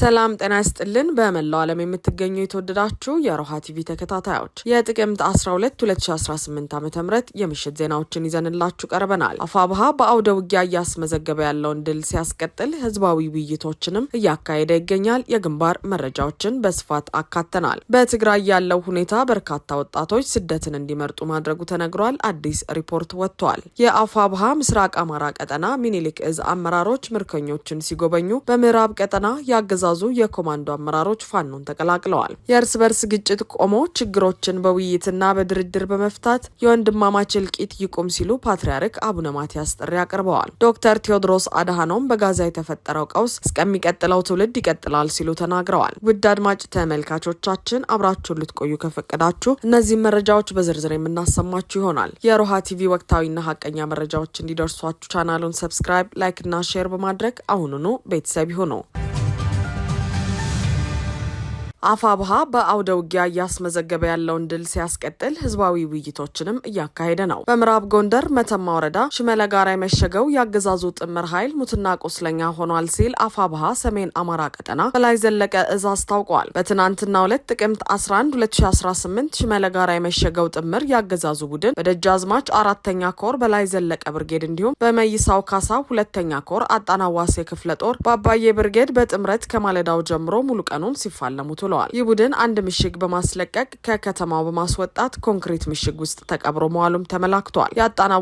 ሰላም ጤና ይስጥልን። በመላው ዓለም የምትገኙ የተወደዳችሁ የሮሃ ቲቪ ተከታታዮች የጥቅምት 12 2018 ዓ ም የምሽት ዜናዎችን ይዘንላችሁ ቀርበናል። አፋብሃ በአውደ ውጊያ እያስመዘገበ ያለውን ድል ሲያስቀጥል ህዝባዊ ውይይቶችንም እያካሄደ ይገኛል። የግንባር መረጃዎችን በስፋት አካተናል። በትግራይ ያለው ሁኔታ በርካታ ወጣቶች ስደትን እንዲመርጡ ማድረጉ ተነግሯል። አዲስ ሪፖርት ወጥቷል። የአፋብሃ ምስራቅ አማራ ቀጠና ሚኒሊክ እዝ አመራሮች ምርኮኞችን ሲጎበኙ፣ በምዕራብ ቀጠና ያገዛ የአገዛዙ የኮማንዶ አመራሮች ፋኖን ተቀላቅለዋል። የእርስ በርስ ግጭት ቆሞ ችግሮችን በውይይትና በድርድር በመፍታት የወንድማማች እልቂት ይቁም ሲሉ ፓትርያርክ አቡነ ማቲያስ ጥሪ አቅርበዋል። ዶክተር ቴዎድሮስ አድሃኖም በጋዛ የተፈጠረው ቀውስ እስከሚቀጥለው ትውልድ ይቀጥላል ሲሉ ተናግረዋል። ውድ አድማጭ ተመልካቾቻችን አብራችሁን ልትቆዩ ከፈቀዳችሁ እነዚህም መረጃዎች በዝርዝር የምናሰማችሁ ይሆናል። የሮሃ ቲቪ ወቅታዊና ሀቀኛ መረጃዎች እንዲደርሷችሁ ቻናሉን ሰብስክራይብ፣ ላይክ እና ሼር በማድረግ አሁኑኑ ቤተሰብ ይሁኑ። አፋብሃ በአውደ ውጊያ እያስመዘገበ ያለውን ድል ሲያስቀጥል ህዝባዊ ውይይቶችንም እያካሄደ ነው። በምዕራብ ጎንደር መተማ ወረዳ ሽመለ ጋራ የመሸገው የአገዛዙ ጥምር ኃይል ሙትና ቁስለኛ ሆኗል ሲል አፋብሃ ሰሜን አማራ ቀጠና በላይ ዘለቀ እዝ አስታውቋል። በትናንትናው ዕለት ጥቅምት 11 2018 ሽመለ ጋራ የመሸገው ጥምር የአገዛዙ ቡድን በደጃዝማች አራተኛ ኮር በላይ ዘለቀ ብርጌድ እንዲሁም በመይሳው ካሳ ሁለተኛ ኮር አጣናዋሴ ክፍለ ጦር በአባዬ ብርጌድ በጥምረት ከማለዳው ጀምሮ ሙሉ ቀኑን ሲፋለሙት ብለዋል። ይህ ቡድን አንድ ምሽግ በማስለቀቅ ከከተማው በማስወጣት ኮንክሪት ምሽግ ውስጥ ተቀብሮ መዋሉም ተመላክቷል።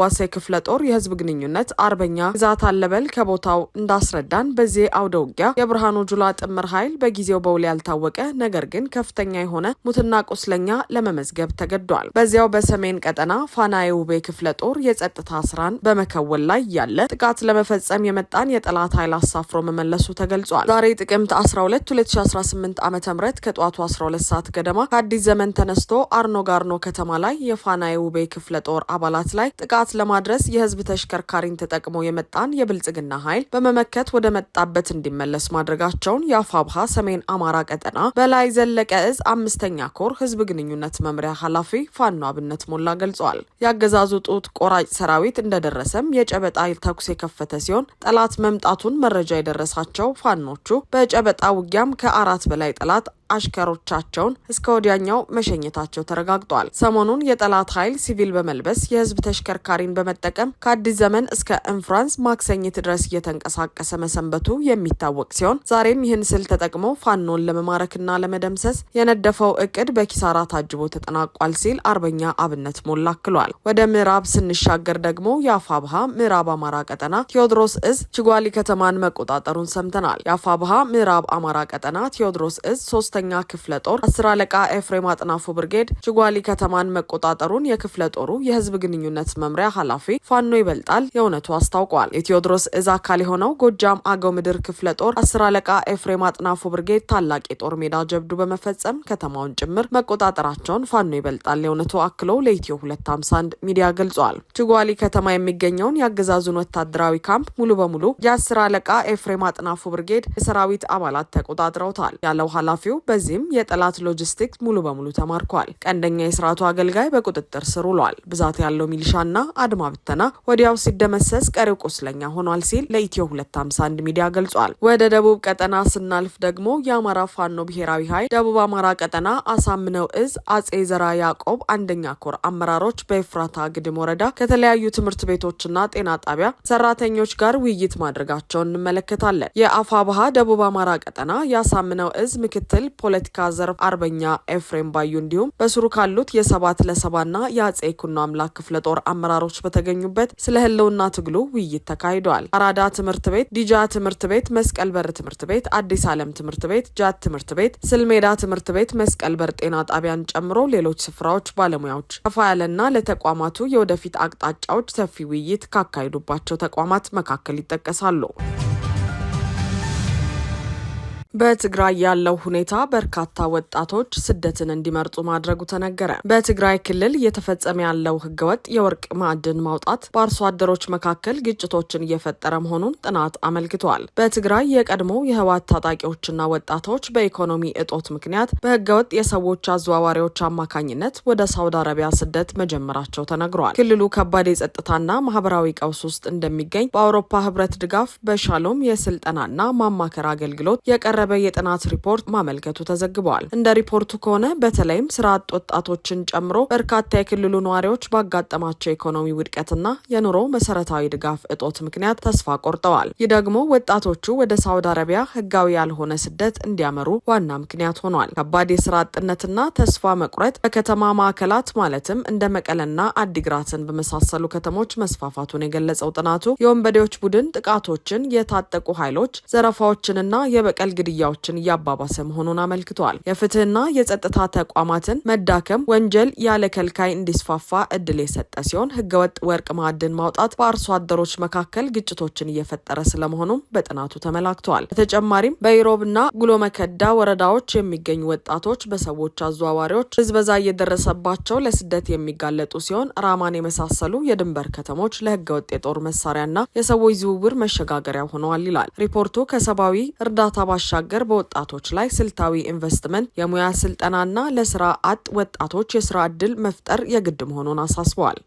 ዋሴ ክፍለ ጦር የህዝብ ግንኙነት አርበኛ ግዛት አለበል ከቦታው እንዳስረዳን በዚህ አውደ ውጊያ የብርሃኑ ጁላ ጥምር ኃይል በጊዜው በውል ያልታወቀ ነገር ግን ከፍተኛ የሆነ ሙትና ቁስለኛ ለመመዝገብ ተገዷል። በዚያው በሰሜን ቀጠና ፋና የውቤ ክፍለ ጦር የጸጥታ ስራን በመከወል ላይ ያለ ጥቃት ለመፈጸም የመጣን የጠላት ኃይል አሳፍሮ መመለሱ ተገልጿል። ዛሬ ጥቅምት 12 2018 ዓ ም ዕለት ከጠዋቱ 12 ሰዓት ገደማ ከአዲስ ዘመን ተነስቶ አርኖ ጋርኖ ከተማ ላይ የፋና የውቤ ክፍለ ጦር አባላት ላይ ጥቃት ለማድረስ የህዝብ ተሽከርካሪን ተጠቅሞ የመጣን የብልጽግና ኃይል በመመከት ወደ መጣበት እንዲመለስ ማድረጋቸውን የአፋብሃ ሰሜን አማራ ቀጠና በላይ ዘለቀ እዝ አምስተኛ ኮር ህዝብ ግንኙነት መምሪያ ኃላፊ ፋኖ አብነት ሞላ ገልጿል። የአገዛዙ ጡት ቆራጭ ሰራዊት እንደደረሰም የጨበጣ ተኩስ የከፈተ ሲሆን ጠላት መምጣቱን መረጃ የደረሳቸው ፋኖቹ በጨበጣ ውጊያም ከአራት በላይ ጠላት አሽከሮቻቸውን እስከ ወዲያኛው መሸኘታቸው ተረጋግጧል። ሰሞኑን የጠላት ኃይል ሲቪል በመልበስ የህዝብ ተሽከርካሪን በመጠቀም ከአዲስ ዘመን እስከ እንፍራንስ ማክሰኝት ድረስ እየተንቀሳቀሰ መሰንበቱ የሚታወቅ ሲሆን ዛሬም ይህን ስል ተጠቅሞ ፋኖን ለመማረክና ለመደምሰስ የነደፈው እቅድ በኪሳራ ታጅቦ ተጠናቋል ሲል አርበኛ አብነት ሞላ አክሏል። ወደ ምዕራብ ስንሻገር ደግሞ የአፋብሃ ምዕራብ አማራ ቀጠና ቴዎድሮስ እዝ ችጓሊ ከተማን መቆጣጠሩን ሰምተናል። የአፋብሃ ምዕራብ አማራ ቀጠና ቴዎድሮስ እዝ ሶስተ ሶስተኛ ክፍለ ጦር አስር አለቃ ኤፍሬም አጥናፉ ብርጌድ ችጓሊ ከተማን መቆጣጠሩን የክፍለ ጦሩ የህዝብ ግንኙነት መምሪያ ኃላፊ ፋኖ ይበልጣል የእውነቱ አስታውቋል። የቴዎድሮስ እዝ አካል የሆነው ጎጃም አገው ምድር ክፍለ ጦር አስር አለቃ ኤፍሬም አጥናፉ ብርጌድ ታላቅ የጦር ሜዳ ጀብዱ በመፈጸም ከተማውን ጭምር መቆጣጠራቸውን ፋኖ ይበልጣል የእውነቱ አክሎ ለኢትዮ 251 ሚዲያ ገልጿል። ችጓሊ ከተማ የሚገኘውን የአገዛዙን ወታደራዊ ካምፕ ሙሉ በሙሉ የአስር አለቃ ኤፍሬም አጥናፉ ብርጌድ የሰራዊት አባላት ተቆጣጥረውታል ያለው ኃላፊው በዚህም የጠላት ሎጂስቲክስ ሙሉ በሙሉ ተማርኳል። ቀንደኛ የስርዓቱ አገልጋይ በቁጥጥር ስር ውሏል። ብዛት ያለው ሚሊሻና አድማ ብተና ወዲያው ሲደመሰስ፣ ቀሪው ቁስለኛ ሆኗል ሲል ለኢትዮ 251 ሚዲያ ገልጿል። ወደ ደቡብ ቀጠና ስናልፍ ደግሞ የአማራ ፋኖ ብሔራዊ ኃይል ደቡብ አማራ ቀጠና አሳምነው እዝ አጼ ዘራ ያዕቆብ አንደኛ ኮር አመራሮች በኤፍራታ ግድም ወረዳ ከተለያዩ ትምህርት ቤቶችና ጤና ጣቢያ ሰራተኞች ጋር ውይይት ማድረጋቸውን እንመለከታለን። የአፋ ባሃ ደቡብ አማራ ቀጠና የአሳምነው እዝ ምክትል ፖለቲካ ዘርፍ አርበኛ ኤፍሬም ባዩ እንዲሁም በስሩ ካሉት የሰባት ለሰባና የአጼ ኩኖ አምላክ ክፍለ ጦር አመራሮች በተገኙበት ስለ ህልውና ትግሉ ውይይት ተካሂደዋል። አራዳ ትምህርት ቤት፣ ዲጃ ትምህርት ቤት፣ መስቀል በር ትምህርት ቤት፣ አዲስ ዓለም ትምህርት ቤት፣ ጃት ትምህርት ቤት፣ ስልሜዳ ትምህርት ቤት፣ መስቀል በር ጤና ጣቢያን ጨምሮ ሌሎች ስፍራዎች ባለሙያዎች ከፋ ያለና ለተቋማቱ የወደፊት አቅጣጫዎች ሰፊ ውይይት ካካሄዱባቸው ተቋማት መካከል ይጠቀሳሉ። በትግራይ ያለው ሁኔታ በርካታ ወጣቶች ስደትን እንዲመርጡ ማድረጉ ተነገረ። በትግራይ ክልል እየተፈጸመ ያለው ህገወጥ የወርቅ ማዕድን ማውጣት በአርሶ አደሮች መካከል ግጭቶችን እየፈጠረ መሆኑን ጥናት አመልክተዋል። በትግራይ የቀድሞ የህወሓት ታጣቂዎችና ወጣቶች በኢኮኖሚ እጦት ምክንያት በህገወጥ የሰዎች አዘዋዋሪዎች አማካኝነት ወደ ሳውዲ አረቢያ ስደት መጀመራቸው ተነግሯል። ክልሉ ከባድ የጸጥታና ማህበራዊ ቀውስ ውስጥ እንደሚገኝ በአውሮፓ ህብረት ድጋፍ በሻሎም የስልጠናና ማማከር አገልግሎት የቀረ የቀረበ የጥናት ሪፖርት ማመልከቱ ተዘግቧል። እንደ ሪፖርቱ ከሆነ በተለይም ስራ አጥ ወጣቶችን ጨምሮ በርካታ የክልሉ ነዋሪዎች ባጋጠማቸው የኢኮኖሚ ውድቀትና የኑሮ መሰረታዊ ድጋፍ እጦት ምክንያት ተስፋ ቆርጠዋል። ይህ ደግሞ ወጣቶቹ ወደ ሳውዲ አረቢያ ህጋዊ ያልሆነ ስደት እንዲያመሩ ዋና ምክንያት ሆኗል። ከባድ የስራ አጥነትና ተስፋ መቁረጥ በከተማ ማዕከላት ማለትም እንደ መቀለና አዲግራትን በመሳሰሉ ከተሞች መስፋፋቱን የገለጸው ጥናቱ የወንበዴዎች ቡድን ጥቃቶችን፣ የታጠቁ ኃይሎች ዘረፋዎችንና የበቀል ግድ ግድያዎችን እያባባሰ መሆኑን አመልክቷል። የፍትህና የጸጥታ ተቋማትን መዳከም ወንጀል ያለ ከልካይ እንዲስፋፋ እድል የሰጠ ሲሆን ህገወጥ ወርቅ ማዕድን ማውጣት በአርሶ አደሮች መካከል ግጭቶችን እየፈጠረ ስለመሆኑም በጥናቱ ተመላክቷል። በተጨማሪም በኢሮብና ጉሎ ወረዳዎች የሚገኙ ወጣቶች በሰዎች አዘዋዋሪዎች ብዝበዛ እየደረሰባቸው ለስደት የሚጋለጡ ሲሆን ራማን የመሳሰሉ የድንበር ከተሞች ለህገወጥ የጦር መሳሪያና የሰዎች ዝውውር መሸጋገሪያ ሆነዋል ይላል ሪፖርቱ። ከሰብአዊ እርዳታ ባሻ ባሻገር በወጣቶች ላይ ስልታዊ ኢንቨስትመንት፣ የሙያ ስልጠናና ለስራ አጥ ወጣቶች የስራ እድል መፍጠር የግድ መሆኑን አሳስበዋል።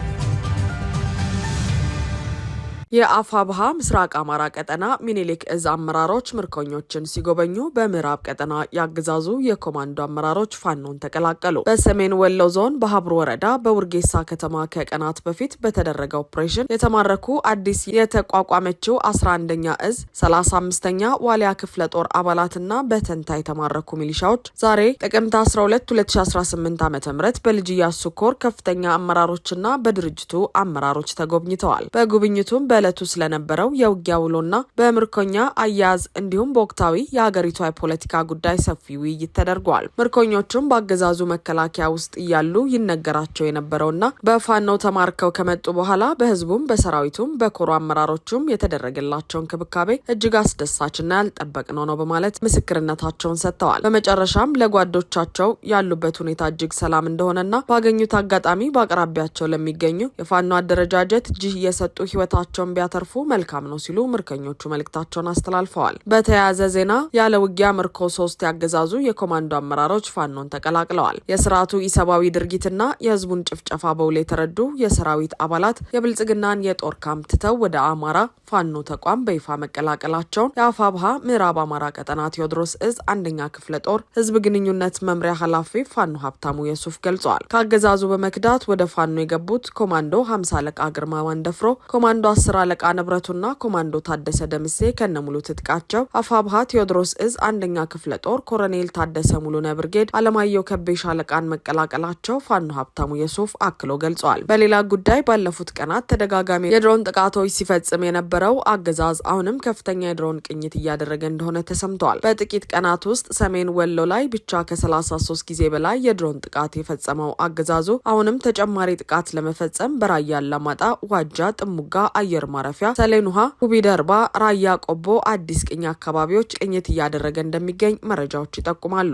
የአፋብሃ ምስራቅ አማራ ቀጠና ሚኒሊክ እዝ አመራሮች ምርኮኞችን ሲጎበኙ በምዕራብ ቀጠና ያገዛዙ የኮማንዶ አመራሮች ፋኖን ተቀላቀሉ። በሰሜን ወሎ ዞን በሀብሩ ወረዳ በውርጌሳ ከተማ ከቀናት በፊት በተደረገ ኦፕሬሽን የተማረኩ አዲስ የተቋቋመችው 11ኛ እዝ 35ኛ ዋሊያ ክፍለ ጦር አባላትና በተንታ የተማረኩ ሚሊሻዎች ዛሬ ጥቅምት 12 2018 ዓ ም በልጅያ ሱኮር ከፍተኛ አመራሮችና በድርጅቱ አመራሮች ተጎብኝተዋል። በጉብኝቱም በ በዕለቱ ስለነበረው የውጊያ ውሎና በምርኮኛ አያያዝ እንዲሁም በወቅታዊ የሀገሪቷ የፖለቲካ ጉዳይ ሰፊ ውይይት ተደርጓል። ምርኮኞቹም በአገዛዙ መከላከያ ውስጥ እያሉ ይነገራቸው የነበረውና በፋኖ ተማርከው ከመጡ በኋላ በህዝቡም በሰራዊቱም በኮሮ አመራሮቹም የተደረገላቸውን ክብካቤ እጅግ አስደሳችና ያልጠበቅነው ነው በማለት ምስክርነታቸውን ሰጥተዋል። በመጨረሻም ለጓዶቻቸው ያሉበት ሁኔታ እጅግ ሰላም እንደሆነና ባገኙት አጋጣሚ በአቅራቢያቸው ለሚገኙ የፋኖ አደረጃጀት እጅህ እየሰጡ ህይወታቸውን ቢያተርፉ መልካም ነው ሲሉ ምርኮኞቹ መልእክታቸውን አስተላልፈዋል። በተያያዘ ዜና ያለ ውጊያ ምርኮ ሶስት ያገዛዙ የኮማንዶ አመራሮች ፋኖን ተቀላቅለዋል። የስርዓቱ ኢሰብአዊ ድርጊትና የህዝቡን ጭፍጨፋ በውል የተረዱ የሰራዊት አባላት የብልጽግናን የጦር ካምፕ ትተው ወደ አማራ ፋኖ ተቋም በይፋ መቀላቀላቸውን የአፋብሃ ምዕራብ አማራ ቀጠና ቴዎድሮስ እዝ አንደኛ ክፍለ ጦር ህዝብ ግንኙነት መምሪያ ኃላፊ ፋኖ ሀብታሙ የሱፍ ገልጸዋል። ከአገዛዙ በመክዳት ወደ ፋኖ የገቡት ኮማንዶ ሀምሳ አለቃ ግርማ ዋንደፍሮ ኮማንዶ አስር ኮማንደር አለቃ ንብረቱና ኮማንዶ ታደሰ ደምሴ ከነሙሉ ትጥቃቸው አፋብሃ ቴዎድሮስ እዝ አንደኛ ክፍለ ጦር ኮሎኔል ታደሰ ሙሉ ነብርጌድ አለማየሁ ከቤ ሻለቃን መቀላቀላቸው ፋኖ ሀብታሙ የሱፍ አክሎ ገልጿል። በሌላ ጉዳይ ባለፉት ቀናት ተደጋጋሚ የድሮን ጥቃቶች ሲፈጽም የነበረው አገዛዝ አሁንም ከፍተኛ የድሮን ቅኝት እያደረገ እንደሆነ ተሰምተዋል። በጥቂት ቀናት ውስጥ ሰሜን ወሎ ላይ ብቻ ከ33 ጊዜ በላይ የድሮን ጥቃት የፈጸመው አገዛዙ አሁንም ተጨማሪ ጥቃት ለመፈጸም በራያ አላማጣ፣ ዋጃ፣ ጥሙጋ አየር አየር ማረፊያ፣ ሰሌን ውሃ፣ ኩቢ ደርባ፣ ራያ ቆቦ፣ አዲስ ቅኝ አካባቢዎች ቅኝት እያደረገ እንደሚገኝ መረጃዎች ይጠቁማሉ።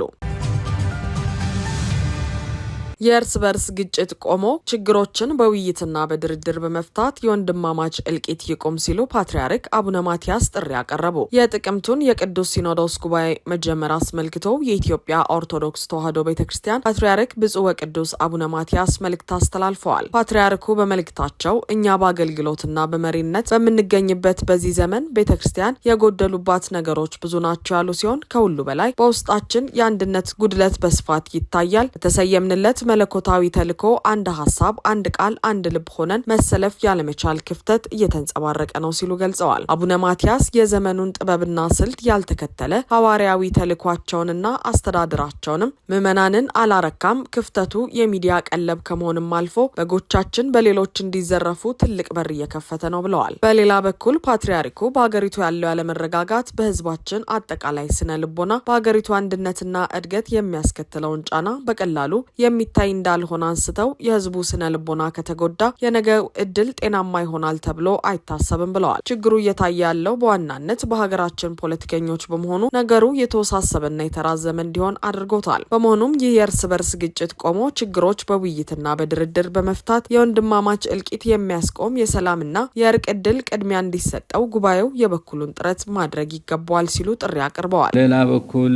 የእርስ በርስ ግጭት ቆሞ ችግሮችን በውይይትና በድርድር በመፍታት የወንድማማች እልቂት ይቁም ሲሉ ፓትርያርክ አቡነ ማቲያስ ጥሪ አቀረቡ። የጥቅምቱን የቅዱስ ሲኖዶስ ጉባኤ መጀመር አስመልክቶ የኢትዮጵያ ኦርቶዶክስ ተዋሕዶ ቤተ ክርስቲያን ፓትርያርክ ብፁዕ ወቅዱስ አቡነ ማቲያስ መልእክት አስተላልፈዋል። ፓትርያርኩ በመልእክታቸው እኛ በአገልግሎትና በመሪነት በምንገኝበት በዚህ ዘመን ቤተ ክርስቲያን የጎደሉባት ነገሮች ብዙ ናቸው ያሉ ሲሆን ከሁሉ በላይ በውስጣችን የአንድነት ጉድለት በስፋት ይታያል። የተሰየምንለት መለኮታዊ ተልዕኮ አንድ ሀሳብ፣ አንድ ቃል፣ አንድ ልብ ሆነን መሰለፍ ያለመቻል ክፍተት እየተንጸባረቀ ነው ሲሉ ገልጸዋል። አቡነ ማትያስ የዘመኑን ጥበብና ስልት ያልተከተለ ሐዋርያዊ ተልኳቸውንና አስተዳደራቸውንም ምዕመናንን አላረካም። ክፍተቱ የሚዲያ ቀለብ ከመሆንም አልፎ በጎቻችን በሌሎች እንዲዘረፉ ትልቅ በር እየከፈተ ነው ብለዋል። በሌላ በኩል ፓትርያርኩ በሀገሪቱ ያለው ያለመረጋጋት በህዝባችን አጠቃላይ ስነ ልቦና፣ በሀገሪቱ አንድነትና እድገት የሚያስከትለውን ጫና በቀላሉ የሚታ ፈታኝ እንዳልሆነ አንስተው የህዝቡ ስነ ልቦና ከተጎዳ የነገው እድል ጤናማ ይሆናል ተብሎ አይታሰብም ብለዋል። ችግሩ እየታየ ያለው በዋናነት በሀገራችን ፖለቲከኞች በመሆኑ ነገሩ የተወሳሰበና የተራዘመ እንዲሆን አድርጎታል። በመሆኑም ይህ የእርስ በርስ ግጭት ቆሞ ችግሮች በውይይትና በድርድር በመፍታት የወንድማማች እልቂት የሚያስቆም የሰላምና የእርቅ እድል ቅድሚያ እንዲሰጠው ጉባኤው የበኩሉን ጥረት ማድረግ ይገባዋል ሲሉ ጥሪ አቅርበዋል። ሌላ በኩል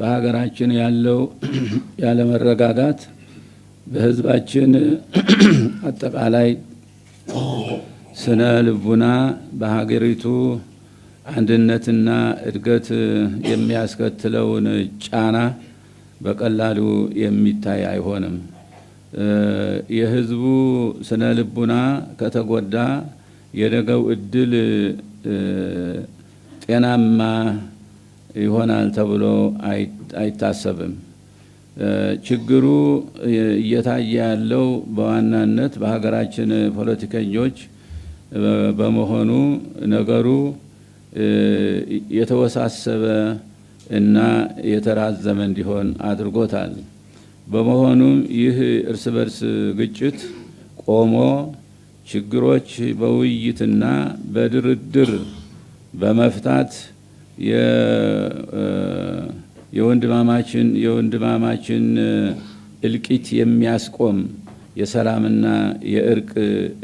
በሀገራችን ያለው ያለመረጋጋት በህዝባችን አጠቃላይ ስነ ልቡና በሀገሪቱ አንድነትና እድገት የሚያስከትለውን ጫና በቀላሉ የሚታይ አይሆንም። የህዝቡ ስነ ልቡና ከተጎዳ የነገው እድል ጤናማ ይሆናል ተብሎ አይታሰብም። ችግሩ እየታየ ያለው በዋናነት በሀገራችን ፖለቲከኞች በመሆኑ ነገሩ የተወሳሰበ እና የተራዘመ እንዲሆን አድርጎታል። በመሆኑም ይህ እርስ በርስ ግጭት ቆሞ ችግሮች በውይይትና በድርድር በመፍታት የወንድማማችን የወንድማማችን እልቂት የሚያስቆም የሰላምና የእርቅ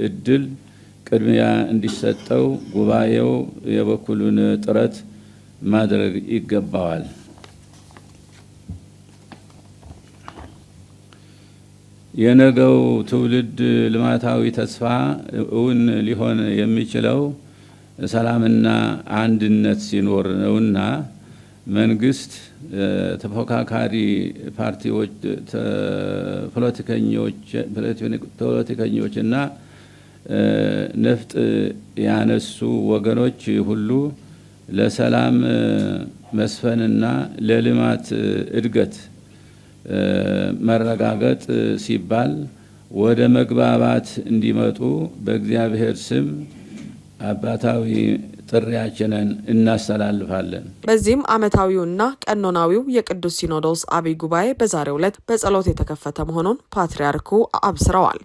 እድል ቅድሚያ እንዲሰጠው ጉባኤው የበኩሉን ጥረት ማድረግ ይገባዋል። የነገው ትውልድ ልማታዊ ተስፋ እውን ሊሆን የሚችለው ሰላምና አንድነት ሲኖር ነውና መንግስት ተፎካካሪ ፓርቲዎች፣ ፖለቲከኞች እና ነፍጥ ያነሱ ወገኖች ሁሉ ለሰላም መስፈንና ለልማት እድገት መረጋገጥ ሲባል ወደ መግባባት እንዲመጡ በእግዚአብሔር ስም አባታዊ ጥሪያችንን እናስተላልፋለን። በዚህም አመታዊውና ቀኖናዊው የቅዱስ ሲኖዶስ አብይ ጉባኤ በዛሬው ዕለት በጸሎት የተከፈተ መሆኑን ፓትርያርኩ አብስረዋል።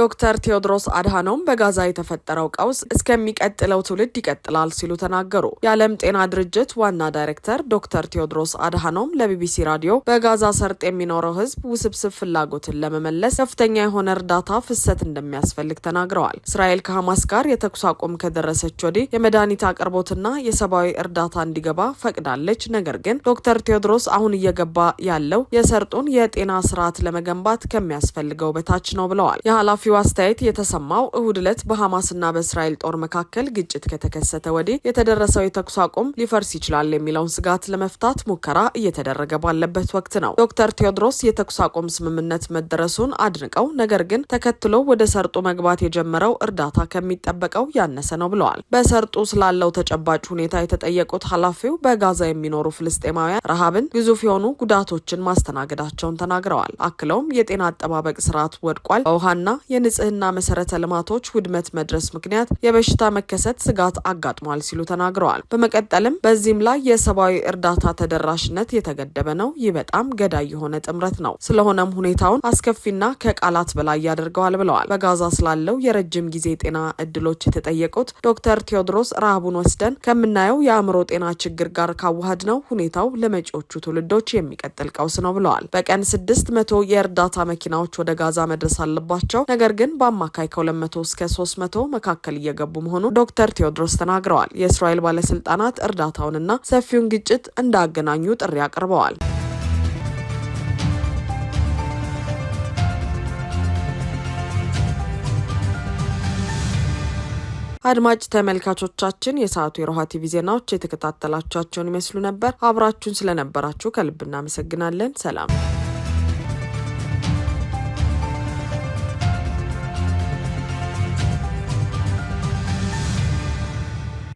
ዶክተር ቴዎድሮስ አድሃኖም በጋዛ የተፈጠረው ቀውስ እስከሚቀጥለው ትውልድ ይቀጥላል ሲሉ ተናገሩ። የዓለም ጤና ድርጅት ዋና ዳይሬክተር ዶክተር ቴዎድሮስ አድሃኖም ለቢቢሲ ራዲዮ በጋዛ ሰርጥ የሚኖረው ሕዝብ ውስብስብ ፍላጎትን ለመመለስ ከፍተኛ የሆነ እርዳታ ፍሰት እንደሚያስፈልግ ተናግረዋል። እስራኤል ከሐማስ ጋር የተኩስ አቁም ከደረሰች ወዲህ የመድኃኒት አቅርቦትና የሰብአዊ እርዳታ እንዲገባ ፈቅዳለች። ነገር ግን ዶክተር ቴዎድሮስ አሁን እየገባ ያለው የሰርጡን የጤና ስርዓት ለመገንባት ከሚያስፈልገው በታች ነው ብለዋል። የኃላፊው ኃላፊው አስተያየት የተሰማው እሁድ ዕለት በሐማስና በእስራኤል ጦር መካከል ግጭት ከተከሰተ ወዲህ የተደረሰው የተኩስ አቁም ሊፈርስ ይችላል የሚለውን ስጋት ለመፍታት ሙከራ እየተደረገ ባለበት ወቅት ነው። ዶክተር ቴዎድሮስ የተኩስ አቁም ስምምነት መደረሱን አድንቀው ነገር ግን ተከትሎ ወደ ሰርጡ መግባት የጀመረው እርዳታ ከሚጠበቀው ያነሰ ነው ብለዋል። በሰርጡ ስላለው ተጨባጭ ሁኔታ የተጠየቁት ኃላፊው በጋዛ የሚኖሩ ፍልስጤማውያን ረሃብን፣ ግዙፍ የሆኑ ጉዳቶችን ማስተናገዳቸውን ተናግረዋል። አክለውም የጤና አጠባበቅ ስርዓት ወድቋል፣ በውሃና የንጽህና መሰረተ ልማቶች ውድመት መድረስ ምክንያት የበሽታ መከሰት ስጋት አጋጥሟል ሲሉ ተናግረዋል። በመቀጠልም በዚህም ላይ የሰብአዊ እርዳታ ተደራሽነት የተገደበ ነው። ይህ በጣም ገዳይ የሆነ ጥምረት ነው። ስለሆነም ሁኔታውን አስከፊና ከቃላት በላይ ያደርገዋል ብለዋል። በጋዛ ስላለው የረጅም ጊዜ ጤና እድሎች የተጠየቁት ዶክተር ቴዎድሮስ ረሃቡን ወስደን ከምናየው የአእምሮ ጤና ችግር ጋር ካዋሃድ ነው ሁኔታው ለመጪዎቹ ትውልዶች የሚቀጥል ቀውስ ነው ብለዋል። በቀን ስድስት መቶ የእርዳታ መኪናዎች ወደ ጋዛ መድረስ አለባቸው። ነገር ግን በአማካይ ከ200 እስከ 300 መካከል እየገቡ መሆኑን ዶክተር ቴዎድሮስ ተናግረዋል። የእስራኤል ባለስልጣናት እርዳታውንና ሰፊውን ግጭት እንዳገናኙ ጥሪ አቅርበዋል። አድማጭ ተመልካቾቻችን የሰዓቱ የሮሃ ቲቪ ዜናዎች የተከታተላችኋቸውን ይመስሉ ነበር። አብራችሁን ስለነበራችሁ ከልብ እናመሰግናለን። ሰላም